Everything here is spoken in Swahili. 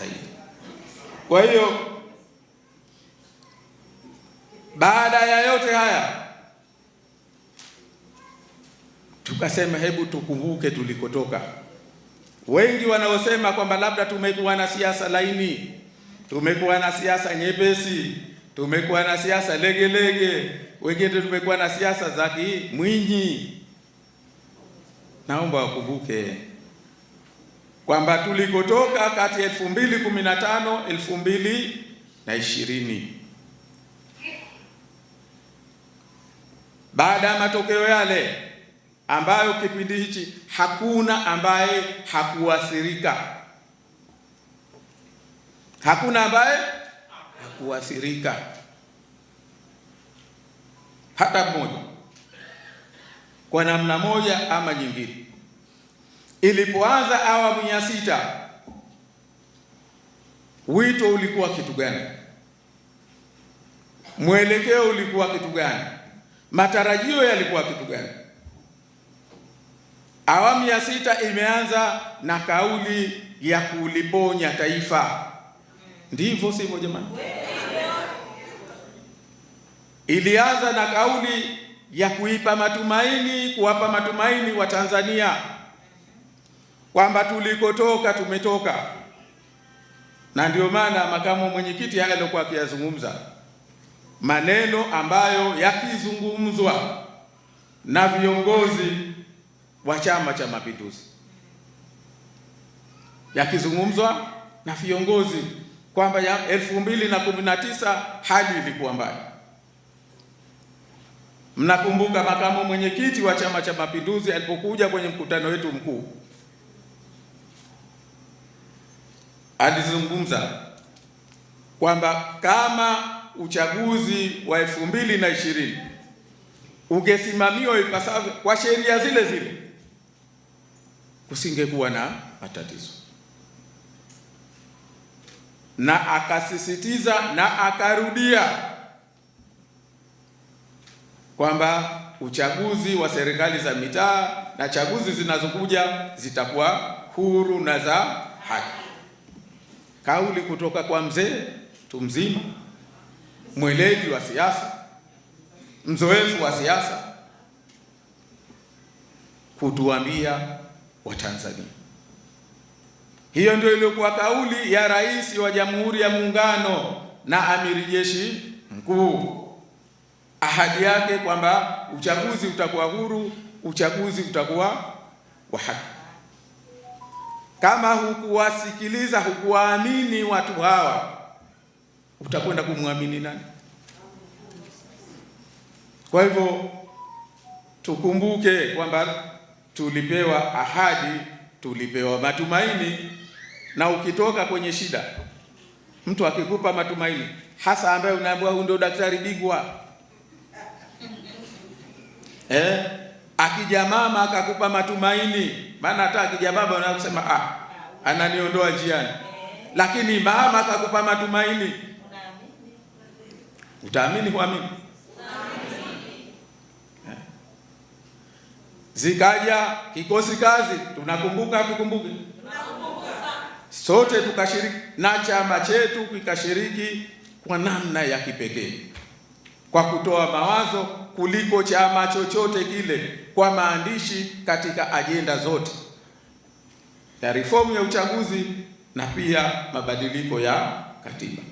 zaidi. Kwa hiyo baada ya yote haya tukasema hebu tukumbuke tulikotoka. Wengi wanaosema kwamba labda tumekuwa na siasa laini, tumekuwa na siasa nyepesi, tumekuwa na siasa legelege, wengine tumekuwa na siasa za Mwinyi, naomba wakumbuke kwamba tulikotoka kati ya 2015 2020 baada ya matokeo yale ambayo kipindi hichi hakuna ambaye hakuathirika, hakuna ambaye hakuathirika, hata mmoja, kwa namna moja ama nyingine. Ilipoanza awamu ya sita, wito ulikuwa kitu gani? Mwelekeo ulikuwa kitu gani? Matarajio yalikuwa kitu gani? Awamu ya sita imeanza na kauli ya kuliponya taifa, ndivyo sivyo jamani? Ilianza na kauli ya kuipa matumaini, kuwapa matumaini wa Tanzania kwamba tulikotoka tumetoka, na ndio maana makamu mwenyekiti haya alikuwa akiyazungumza maneno ambayo yakizungumzwa na viongozi wa Chama cha Mapinduzi, yakizungumzwa na viongozi kwamba ya elfu mbili na kumi na tisa hali ilikuwa mbaya. Mnakumbuka makamu mwenyekiti wa Chama cha Mapinduzi alipokuja kwenye mkutano wetu mkuu alizungumza kwamba kama uchaguzi wa elfu mbili na ishirini ungesimamiwa ipasavyo kwa sheria zile zile, kusingekuwa na matatizo. Na akasisitiza na akarudia kwamba uchaguzi wa serikali za mitaa na chaguzi zinazokuja zitakuwa huru na za haki kauli kutoka kwa mzee tumzima, mweledi wa siasa, mzoefu wa siasa, kutuambia Watanzania. Hiyo ndio iliyokuwa kauli ya Rais wa Jamhuri ya Muungano na Amiri Jeshi Mkuu, ahadi yake kwamba uchaguzi utakuwa huru, uchaguzi utakuwa wa haki. Kama hukuwasikiliza hukuwaamini watu hawa, utakwenda kumwamini nani? Kwa hivyo tukumbuke kwamba tulipewa ahadi, tulipewa matumaini, na ukitoka kwenye shida, mtu akikupa matumaini, hasa ambaye unaambiwa huyu ndio daktari bingwa eh Akija mama akakupa matumaini, maana hata akija baba unaweza kusema ah, ananiondoa njiani, lakini mama akakupa matumaini, utaamini huamini? Eh? Zikaja kikosi kazi, tunakumbuka tukumbuke, sote tukashiriki na chama chetu kikashiriki kwa namna ya kipekee kwa kutoa mawazo kuliko chama chochote kile, kwa maandishi katika ajenda zote ya reformu ya uchaguzi na pia mabadiliko ya katiba.